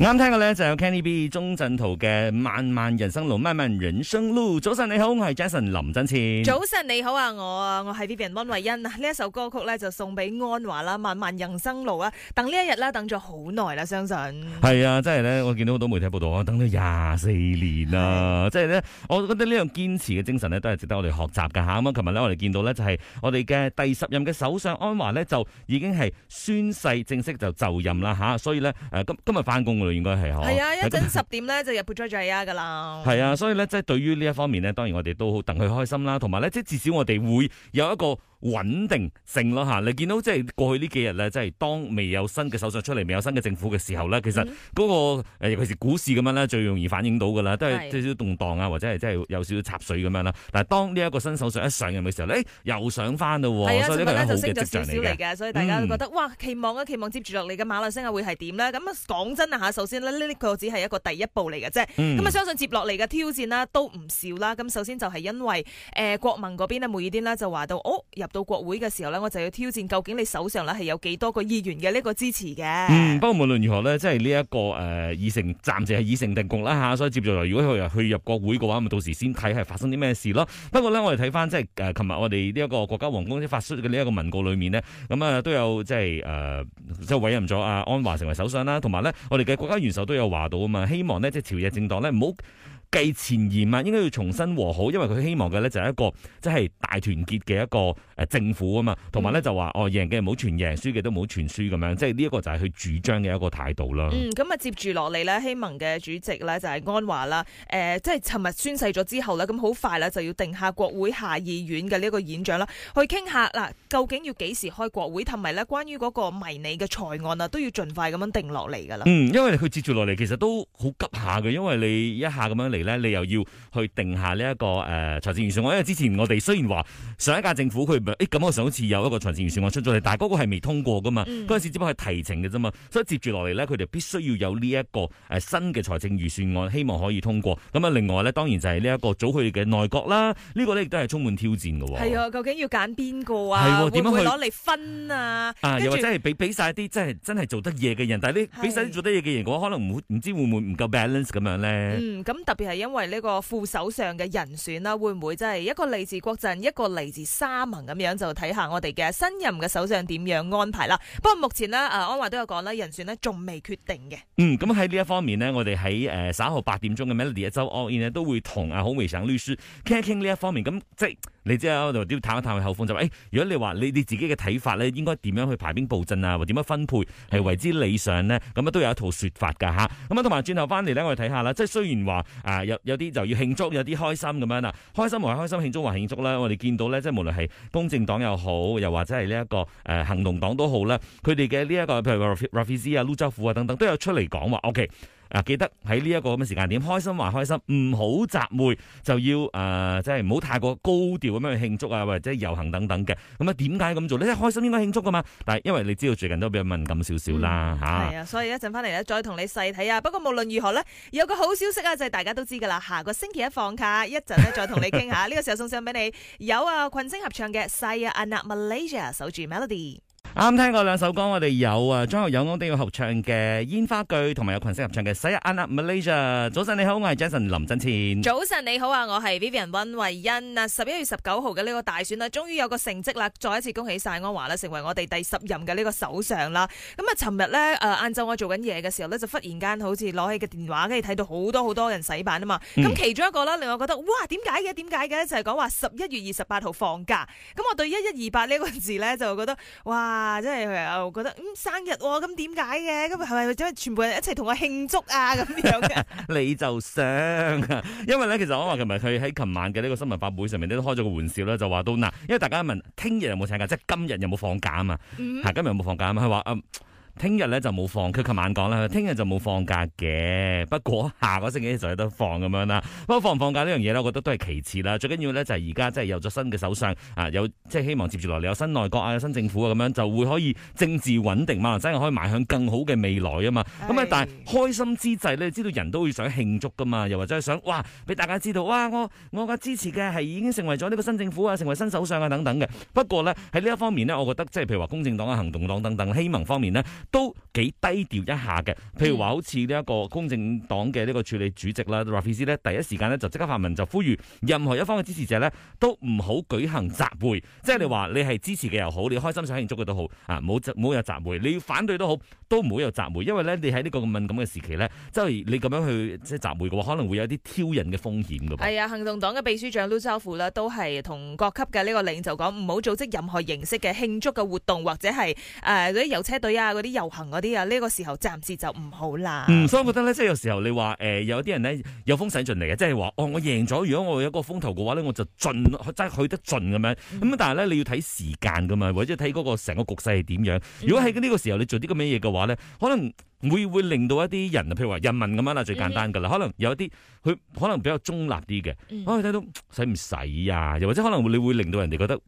啱聽嘅咧就有 Kenny B、鐘鎮濤嘅《漫漫人生路》，漫漫人生路。早晨你好，我係 Jason 林振千。早晨你好啊，我我係 Vivian 温慧欣啊。呢一首歌曲咧就送俾安華啦，《漫漫人生路》啊，等呢一日啦，等咗好耐啦，相信。係啊，真係咧，我見到好多媒體報道，等咗廿四年啊，即係咧，我覺得呢樣堅持嘅精神咧，都係值得我哋學習噶吓。咁啊，琴日咧，我哋見到咧就係、是、我哋嘅第十任嘅首相安華咧，就已經係宣誓正式就就任啦吓、啊，所以咧，誒、呃、今今日返工。應該係嗬，係啊，一陣十點咧就入杯 joy 啊噶啦，係 啊，所以咧即係對於呢一方面咧，當然我哋都好戥佢開心啦，同埋咧即係至少我哋會有一個。穩定性咯嚇，你見到即係過去呢幾日咧，即係當未有新嘅首相出嚟，未有新嘅政府嘅時候咧，其實嗰、那個尤其是股市咁樣咧，最容易反映到噶啦，都係少少動盪啊，或者係即係有少少插水咁樣啦。但係當呢一個新首相一上任嘅時候，誒、哎、又上翻嘞喎，所以呢個係好積極嚟嘅，所以大家都覺得、嗯、哇期望啊期望接住落嚟嘅馬來西亞會係點咧？咁啊講真啊嚇，首先咧呢、這個只係一個第一步嚟嘅啫，咁、嗯、啊相信接落嚟嘅挑戰啦都唔少啦。咁首先就係因為誒、呃、國民嗰邊咧無意間咧就話到哦入。到國會嘅時候咧，我就要挑戰究竟你手上咧係有幾多個議員嘅呢個支持嘅。嗯，不過無論如何咧，即係呢一個誒，已、呃、成暫時係已成定局啦嚇、啊。所以接住落嚟，如果佢去，去入國會嘅話，咪到時先睇係發生啲咩事咯。不過咧，我哋睇翻即係誒，琴日我哋呢一個國家皇宮發出嘅呢一個文告裏面呢，咁、嗯、啊都有即係誒，即係、呃、委任咗阿安華成為首相啦。同埋呢，我哋嘅國家元首都有話到啊嘛，希望呢，即係朝野政黨呢，唔好。繼前言啊，應該要重新和好，因為佢希望嘅咧就係一個即係、就是、大團結嘅一個誒政府啊嘛，同埋咧就話哦贏嘅唔好全贏，輸嘅都唔好全輸咁樣，即係呢一個就係佢主張嘅一個態度啦。嗯，咁啊接住落嚟咧，希盟嘅主席咧就係安華啦，誒、呃，即係尋日宣誓咗之後咧，咁好快啦就要定下國會下議院嘅呢一個演講啦，去傾下嗱究竟要幾時開國會，同埋咧關於嗰個迷你嘅財案啊，都要盡快咁樣定落嚟噶啦。嗯，因為佢接住落嚟其實都好急下嘅，因為你一下咁樣嚟。你又要去定下呢、這、一個誒、呃、財政預算案，因為之前我哋雖然話上一屆政府佢誒咁，欸、我上好似有一個財政預算案出咗嚟、嗯，但係嗰個係未通過噶嘛，嗰、嗯、陣時只不過係提呈嘅啫嘛，所以接住落嚟呢，佢哋必須要有呢、這、一個誒、呃、新嘅財政預算案，希望可以通過。咁啊，另外呢，當然就係呢一個組佢嘅內閣啦，呢、這個呢亦都係充滿挑戰嘅、哦。係啊，究竟要揀邊個啊？會唔會攞嚟分啊，啊？又或者係畀畀晒啲真係真係做得嘢嘅人，但係啲畀晒啲做得嘢嘅人，我可能唔知會唔會唔夠 balance 咁樣咧？咁、嗯、特別。係因為呢個副首相嘅人選啦、啊，會唔會真係一個嚟自國陣，一個嚟自沙盟咁樣，就睇下我哋嘅新任嘅首相點樣安排啦。不過目前呢，阿安華都有講咧，人選呢仲未決定嘅。嗯，咁喺呢一方面呢，我哋喺誒稍後八點鐘嘅 Melody 嘅周安燕咧，都會同阿孔微祥律師傾一傾呢一方面，咁即係。你知啊，我度啲探一探佢後方就話，是，誒，如果你話你你自己嘅睇法咧，應該點樣去排兵布陣啊，或點樣分配係為之理想呢？咁啊都有一套說法噶吓，咁啊，同埋轉頭翻嚟咧，我哋睇下啦。即係雖然話，有有啲就要慶祝，有啲開心咁樣啦，開心還開心，慶祝還慶祝啦。我哋見到咧，即係無論係公正黨又好，又或者係呢一個誒行動黨都好啦，佢哋嘅呢一個譬如 Rafizi 啊、陸兆福啊等等，都有出嚟講話 OK。啊！記得喺呢一個咁嘅時間點，開心還開心，唔好集會，就要誒，即係唔好太過高調咁樣去慶祝啊，或者遊行等等嘅。咁啊，點解咁做咧？開心應該慶祝噶嘛，但係因為你知道最近都比較敏感少少啦，嚇、嗯。係啊，啊，所以一陣翻嚟咧，再同你細睇啊。不過無論如何咧，有個好消息啊，就係大家都知噶啦，下個星期一放假，一陣咧再同你傾下。呢 個時候送上俾你，有啊群星合唱嘅《Saya Anak Malaysia》首支 Melody。啱，聽過兩首歌，我哋有啊張學友安爹要合唱嘅《煙花句》，同埋有群星合唱嘅《Saya Anak Malaysia》。早晨你好，我係 Jason 林振前。早晨你好啊，我係 Vivian 温慧欣。嗱，十一月十九號嘅呢個大選啦，終於有個成績啦，再一次恭喜晒安華啦，成為我哋第十任嘅呢個首相啦。咁啊，尋日咧誒，晏晝我做緊嘢嘅時候咧，就忽然間好似攞起個電話，跟住睇到好多好多人洗版啊嘛。咁、嗯、其中一個啦，令我覺得哇，點解嘅？點解嘅？就係講話十一月二十八號放假。咁我對一一二八呢個字咧，就覺得哇～真係我覺得嗯、日啊！真係佢又覺得咁生日咁點解嘅？咁係咪或者全部人一齊同我慶祝啊？咁樣嘅 你就想啊！因為咧，其實我話琴日佢喺琴晚嘅呢個新聞發佈會上面都開咗個玩笑咧，就話到嗱，因為大家問聽日有冇請假，即係今日有冇放假啊嘛？嚇、嗯，今日有冇放假啊嘛？佢話啊。呃聽日咧就冇放，佢琴晚講啦，聽日就冇放假嘅。不過下個星期就有得放咁樣啦。不過放唔放假呢樣嘢呢，我覺得都係其次啦。最緊要咧就係而家即係有咗新嘅首相啊，有即係希望接住來，有新內閣啊，有新政府啊，咁樣就會可以政治穩定嘛，真係可以邁向更好嘅未來啊嘛。咁啊，但係開心之際，你知道人都會想慶祝噶嘛，又或者係想哇俾大家知道哇，我我嘅支持嘅係已經成為咗呢個新政府啊，成為新首相啊等等嘅。不過咧喺呢一方面，等等方面呢，我覺得即係譬如話公正黨啊、行動黨等等，希盟方面呢。都幾低調一下嘅，譬如話好似呢一個公正黨嘅呢個署理主席啦，拉菲斯咧，第一時間呢就即刻發文就呼籲任何一方嘅支持者呢都唔好舉行集會，即係你話你係支持嘅又好，你開心想慶祝嘅都好，啊冇冇有，有集會，你要反對都好，都唔好有集會，因為呢你喺呢個咁敏感嘅時期呢，即係你咁樣去即係集會嘅話，可能會有啲挑釁嘅風險㗎。係啊，行動黨嘅秘書長陸兆福咧，都係同各級嘅呢個領袖講唔好組織任何形式嘅慶祝嘅活動，或者係誒嗰啲遊車隊啊嗰啲。遊行嗰啲啊，呢、這個時候暫時就唔好啦、嗯。所以我覺得呢，即係有時候你話誒、呃，有啲人呢，有風使盡嚟嘅，即係話哦，我贏咗，如果我有嗰個風頭嘅話呢，我就盡即去得盡咁樣。咁、嗯、但係呢，你要睇時間噶嘛，或者睇嗰個成個局勢係點樣。如果喺呢個時候你做啲咁嘅嘢嘅話呢，可能會會令到一啲人譬如話人民咁樣啦，最簡單噶啦、嗯。可能有啲佢可能比較中立啲嘅，啊，睇到使唔使啊？又或者可能你會令到人哋覺得。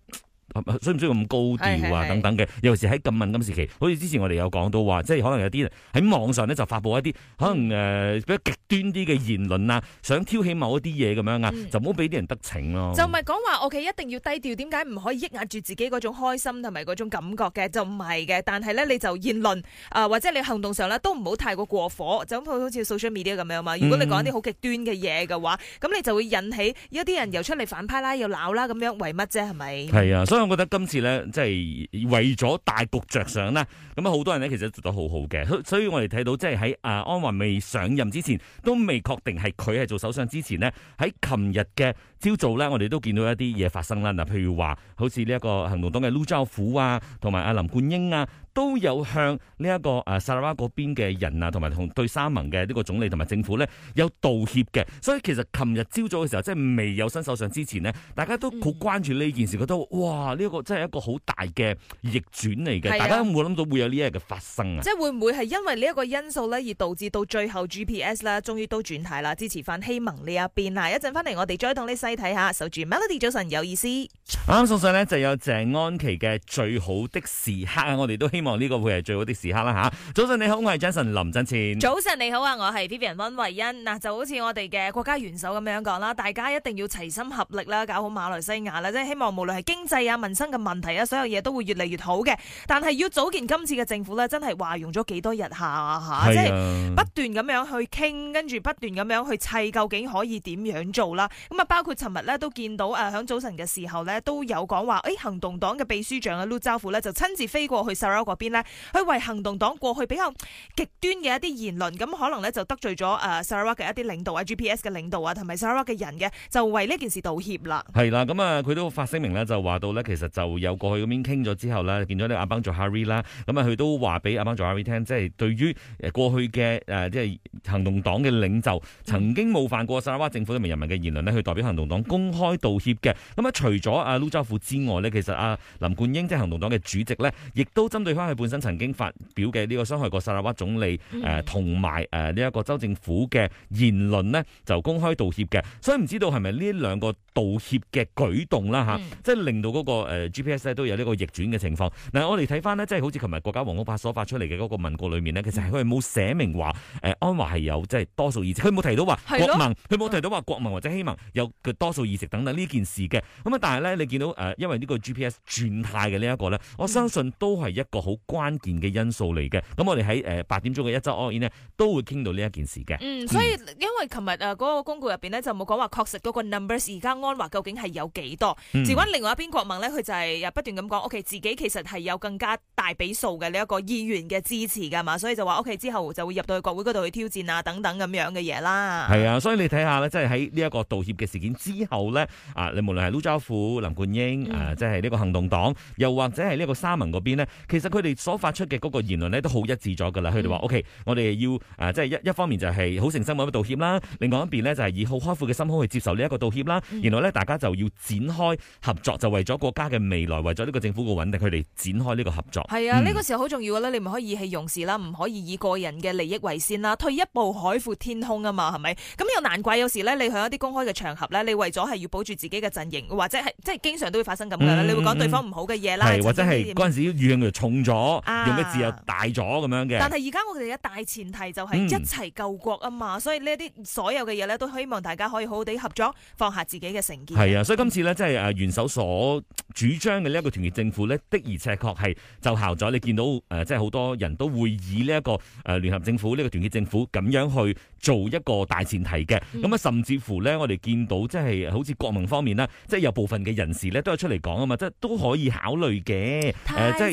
需唔需要咁高調啊？等等嘅，尤其是喺咁敏感時期，好似之前我哋有講到話，即係可能有啲人喺網上呢就發布一啲可能誒比較極端啲嘅言論啊，想挑起某一啲嘢咁樣啊，就唔好俾啲人得逞咯。就唔係講話我哋一定要低調，點解唔可以抑壓住自己嗰種開心同埋嗰種感覺嘅？就唔係嘅，但係咧你就言論啊、呃，或者你行動上咧都唔好太過過火，就好似 social media 咁樣嘛。如果你講啲好極端嘅嘢嘅話，咁、嗯、你就會引起一啲人又出嚟反派啦，又鬧啦咁樣，為什麼，為乜啫？係咪？係啊，所以。我覺得今次咧，即係為咗大局着想啦。咁啊，好多人咧，其實都做得好好嘅。所以，我哋睇到即係喺啊安華未上任之前，都未確定係佢係做首相之前咧，喺琴日嘅朝早咧，我哋都見到一啲嘢發生啦。嗱，譬如話，好似呢一個行動黨嘅盧渣虎啊，同埋阿林冠英啊。都有向呢一個誒薩拉瓦嗰邊嘅人啊，同埋同對三盟嘅呢個總理同埋政府咧有道歉嘅，所以其實琴日朝早嘅時候，即係未有新首相之前咧，大家都好關注呢件事，覺得哇呢一個真係一個好大嘅逆轉嚟嘅，大家冇諗到會有呢一日嘅發生啊。即係會唔會係因為呢一個因素咧而導致到最後 GPS 啦，終於都轉態啦，支持翻希盟呢一邊啦。一陣翻嚟，我哋再同你細睇下，守住 Melody 早晨有意思啱啱送上咧，就有鄭安琪嘅最好的時刻啊。我哋都希望希望呢個會係最好嘅時刻啦吓，早晨你好，我係 Jason 林振前。早晨你好啊，我係 Vivian 溫慧欣。嗱，就好似我哋嘅國家元首咁樣講啦，大家一定要齊心合力啦，搞好馬來西亞啦，即係希望無論係經濟啊、民生嘅問題啊，所有嘢都會越嚟越好嘅。但係要組建今次嘅政府咧，真係話用咗幾多日下吓，即係不斷咁樣去傾，跟住不斷咁樣去砌，究竟可以點樣做啦？咁啊，包括尋日咧都見到誒，響早晨嘅時候咧都有講話，誒，行動黨嘅秘書長啊盧扎夫咧就親自飛過去邊咧，為行動黨過去比較極端嘅一啲言論，咁可能呢就得罪咗誒，沙 a 瓦嘅一啲領導啊，G.P.S. 嘅領導啊，同埋 w a 瓦嘅人嘅，就為呢件事道歉啦。係啦，咁啊，佢都發聲明呢，就話到呢，其實就有過去咁邊傾咗之後呢，見咗阿邦做 Harry 啦，咁啊，佢都話俾阿邦做 Harry 聽，即係對於過去嘅誒，即、就、係、是就是、行動黨嘅領袖曾經冒犯過 w a 瓦政府同埋人民嘅言論呢，去代表行動黨公開道歉嘅。咁啊，除咗阿盧 u 之外呢，其實阿林冠英即係、就是、行動黨嘅主席呢，亦都針對他佢本身曾經發表嘅呢個傷害過砂拉越總理誒，同埋誒呢一個州政府嘅言論呢，就公開道歉嘅。所以唔知道係咪呢兩個道歉嘅舉動啦嚇、嗯，即係令到嗰個 GPS 咧都有呢個逆轉嘅情況。嗱，我哋睇翻呢，即係好似琴日國家皇宮所發出嚟嘅嗰個文告裏面呢，其實係佢係冇寫明話誒、呃、安華係有即係、就是、多數意識，佢冇提到話國盟，佢冇提到話國盟或者希盟有多數意識等等呢件事嘅。咁啊，但係咧你見到誒、呃，因為呢個 GPS 轉態嘅呢一個咧，我相信都係一個好關鍵嘅因素嚟嘅，咁我哋喺誒八點鐘嘅一周安呢，都會傾到呢一件事嘅。嗯，所以因為琴日誒嗰個公告入邊呢，就冇講話確實嗰個 numbers 而家安華究竟係有幾多？而、嗯、翻，另外一邊國盟呢，佢就係不斷咁講，O K，自己其實係有更加大比數嘅呢一個議員嘅支持噶嘛，所以就話 O K 之後就會入到去國會嗰度去挑戰啊等等咁樣嘅嘢啦。係啊，所以你睇下呢，即係喺呢一個道歉嘅事件之後咧，啊，你無論係陸兆福、林冠英、嗯、啊，即係呢個行動黨，又或者係呢個沙文嗰邊呢。其實。佢哋所發出嘅嗰個言論咧，都好一致咗噶啦。佢哋話：OK，我哋要誒，即係一一方面就係好誠心咁樣道歉啦，另外一邊呢就係以好開闊嘅心胸去接受呢一個道歉啦。然、嗯、後呢，大家就要展開合作，就為咗國家嘅未來，為咗呢個政府嘅穩定，佢哋展開呢個合作。係啊，呢個時候好重要嘅，你唔可以意氣用事啦，唔可以以個人嘅利益為先啦，退一步海闊天空啊嘛，係咪？咁又難怪有時呢，你去一啲公開嘅場合呢，你為咗係要保住自己嘅陣營，或者係即係經常都會發生咁樣啦。你會講對方唔好嘅嘢啦，嗯嗯是或者係嗰陣時語氣重。咗用咩字又大咗咁樣嘅，但係而家我哋嘅大前提就係一齊救國啊嘛，嗯，所以呢啲所有嘅嘢咧，都希望大家可以好好地合作，放下自己嘅成見。係啊，所以今次咧，即係誒，元首所主張嘅呢一個團結政府呢的而且確係就效咗。你見到誒，即係好多人都會以呢一個誒聯合政府，呢個團結政府咁樣去做一個大前提嘅。咁，嗯、啊，甚至乎呢，我哋見到即係好似國民方面啦，即係有部分嘅人士呢都有出嚟講啊嘛，即係都可以考慮嘅。太似，呃。即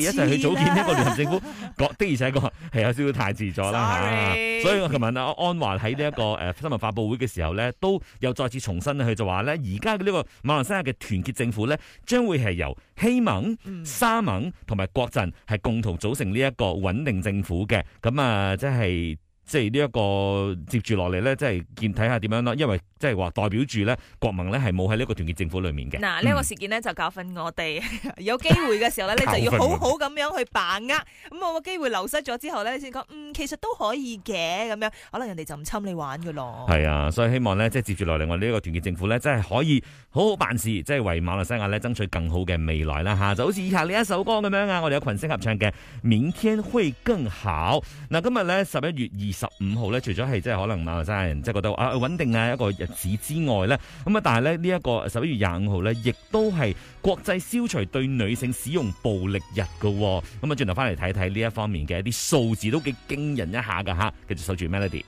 係呢 一個聯合政府，的而且確係有少少太自作啦嚇，所以我琴日啊，安華喺呢一個誒新聞發佈會嘅時候咧，都又再次重申佢就話咧，而家嘅呢個馬來西亞嘅團結政府咧，將會係由希盟、沙盟同埋國陣係共同組成呢一個穩定政府嘅，咁啊，即係。即係呢一個接住落嚟呢，即係見睇下點樣咯。因為即係話代表住呢國民呢，係冇喺呢個團結政府裏面嘅。嗱、嗯，呢、這個事件呢，就教訓我哋，有機會嘅時候呢，你就要好好咁樣去把握。咁個機會流失咗之後呢，你先講，嗯，其實都可以嘅咁樣。可能人哋就唔侵你玩噶咯。係啊，所以希望呢，即係接住落嚟我哋呢個團結政府呢，真係可以好好辦事，即係為馬來西亞呢，爭取更好嘅未來啦吓、啊。就好似以下呢一首歌咁樣啊，我哋有群星合唱嘅《明天會更好》啊。嗱，今日呢，十一月二。十五號咧，除咗係即係可能馬來西亞人即係覺得啊穩定啊一個日子之外咧，咁啊但係咧呢一個十一月廿五號咧，亦都係國際消除對女性使用暴力日噶，咁啊轉頭翻嚟睇睇呢一方面嘅一啲數字都幾驚人一下噶吓，繼續守住 Melody。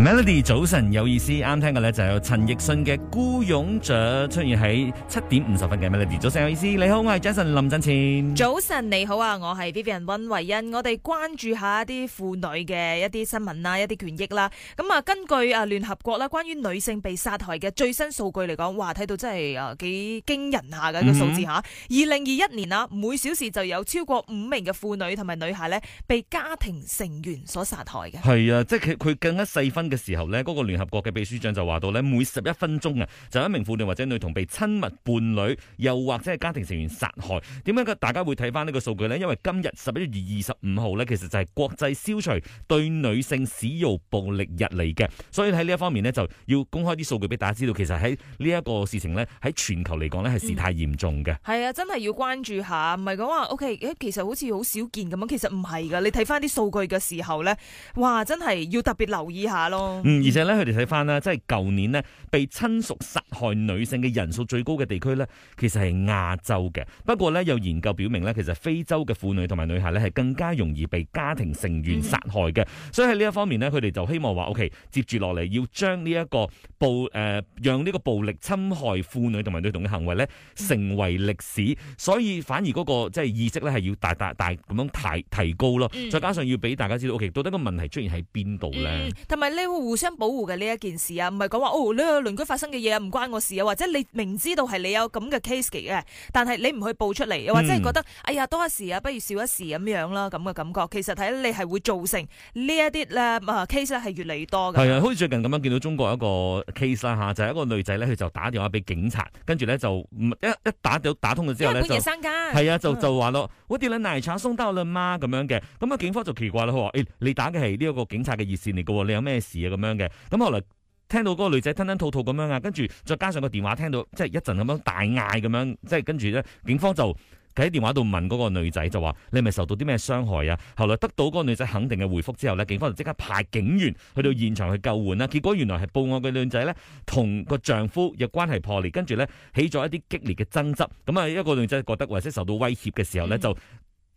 Melody 早晨有意思，啱聽嘅咧就有陳奕迅嘅《孤勇者》出現喺七點五十分嘅 Melody 早晨有意思。你好，我係 Jason 林振前。早晨你好啊，我係 Vivian 溫維恩。我哋關注一下一啲婦女嘅一啲新聞啦，一啲權益啦。咁啊，根據啊聯合國啦，關於女性被殺害嘅最新數據嚟講，哇，睇到真係啊幾驚人下嘅，呢個數字吓。二零二一年啊，每小時就有超過五名嘅婦女同埋女孩呢被家庭成員所殺害嘅。係啊，即係佢佢更加細分。嘅時候呢，嗰個聯合國嘅秘書長就話到呢，每十一分鐘啊，就有一名婦女或者女童被親密伴侶又或者係家庭成員殺害。點解大家會睇翻呢個數據呢？因為今日十一月二十五號呢，其實就係國際消除對女性使用暴力日嚟嘅，所以喺呢一方面呢，就要公開啲數據俾大家知道。其實喺呢一個事情呢，喺全球嚟講呢，係事態嚴重嘅。係啊，真係要關注下，唔係講話 OK，其實好似好少見咁樣。其實唔係噶，你睇翻啲數據嘅時候呢，哇，真係要特別留意下咯。嗯，而且咧，佢哋睇翻啦，即係舊年呢，被親屬殺害女性嘅人數最高嘅地區呢，其實係亞洲嘅。不過呢，有研究表明呢，其實非洲嘅婦女同埋女孩呢，係更加容易被家庭成員殺害嘅。所以喺呢一方面呢，佢哋就希望話，OK，接住落嚟要將呢一個暴誒、呃，讓呢個暴力侵害婦女同埋女童嘅行為呢，成為歷史。所以反而嗰個即係意識呢，係要大大大咁樣提提高咯。再加上要俾大家知道，OK，到底個問題出現喺邊度呢？同埋呢？嗯互相保護嘅呢一件事啊，唔係講話哦，你個鄰居發生嘅嘢啊，唔關我事啊，或者你明知道係你有咁嘅 case 嘅，但係你唔去報出嚟，又或者係覺得、嗯、哎呀多一事啊，不如少一事咁樣啦，咁嘅感覺，其實睇你係會造成呢一啲咧 case 咧係越嚟越多嘅。係啊，好似最近咁樣見到中國一個 case 啦吓，就係、是、一個女仔咧，佢就打電話俾警察，跟住咧就一一打打通咗之後咧係啊，嗯、就就話咯，我點咗奶茶送到啦嘛咁樣嘅，咁啊，警方就奇怪啦，佢話、欸、你打嘅係呢一個警察嘅熱線嚟㗎，你有咩事？咁樣嘅，咁後來聽到嗰個女仔吞吞吐吐咁樣啊，跟住再加上個電話聽到即係一陣咁樣大嗌咁樣，即係跟住咧，警方就喺電話度問嗰個女仔就話：你係咪受到啲咩傷害啊？後來得到嗰個女仔肯定嘅回覆之後呢，警方就即刻派警員去到現場去救援啦。結果原來係報案嘅女仔呢，同個丈夫有關係破裂，跟住呢起咗一啲激烈嘅爭執。咁啊，一個女仔覺得或者受到威脅嘅時候呢，就。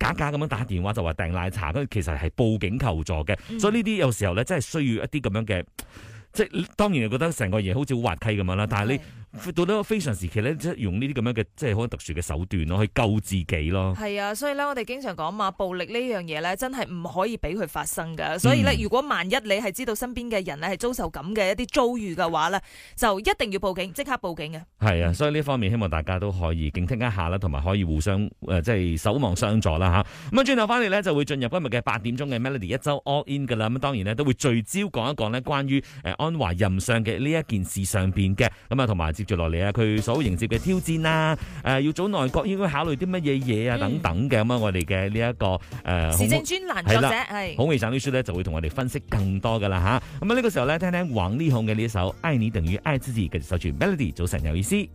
假假咁樣打電話就話訂奶茶，其實係報警求助嘅。嗯，所以呢啲有時候咧真係需要一啲咁樣嘅，即係當然你覺得成個嘢好似好滑稽咁樣啦，但係你。到咗非常時期咧，即係用呢啲咁樣嘅，即係好特殊嘅手段咯，去救自己咯。係啊，所以咧，我哋經常講嘛，暴力呢樣嘢咧，真係唔可以俾佢發生噶、嗯。所以咧，如果萬一你係知道身邊嘅人咧係遭受咁嘅一啲遭遇嘅話咧，就一定要報警，即刻報警嘅。係啊，所以呢方面希望大家都可以警惕一下啦，同埋可以互相誒，即、呃、係、就是、守望相助啦吓。咁啊，轉頭翻嚟咧，就會進入今日嘅八點鐘嘅 Melody 一周 All In 噶啦。咁當然咧，都會聚焦講一講呢關於誒安華任上嘅呢一件事上邊嘅咁啊，同埋。接住落嚟啊，佢所迎接嘅挑戰啊，誒、呃、要組內閣應該考慮啲乜嘢嘢啊等等嘅咁啊，我哋嘅呢一個誒、呃、時政專欄作者係孔薇省女士咧，就會同我哋分析更多噶啦吓，咁啊呢個時候咧，聽聽王力宏嘅呢一首《愛你等於愛自己》的首，繼續守住 Melody，早晨有意思。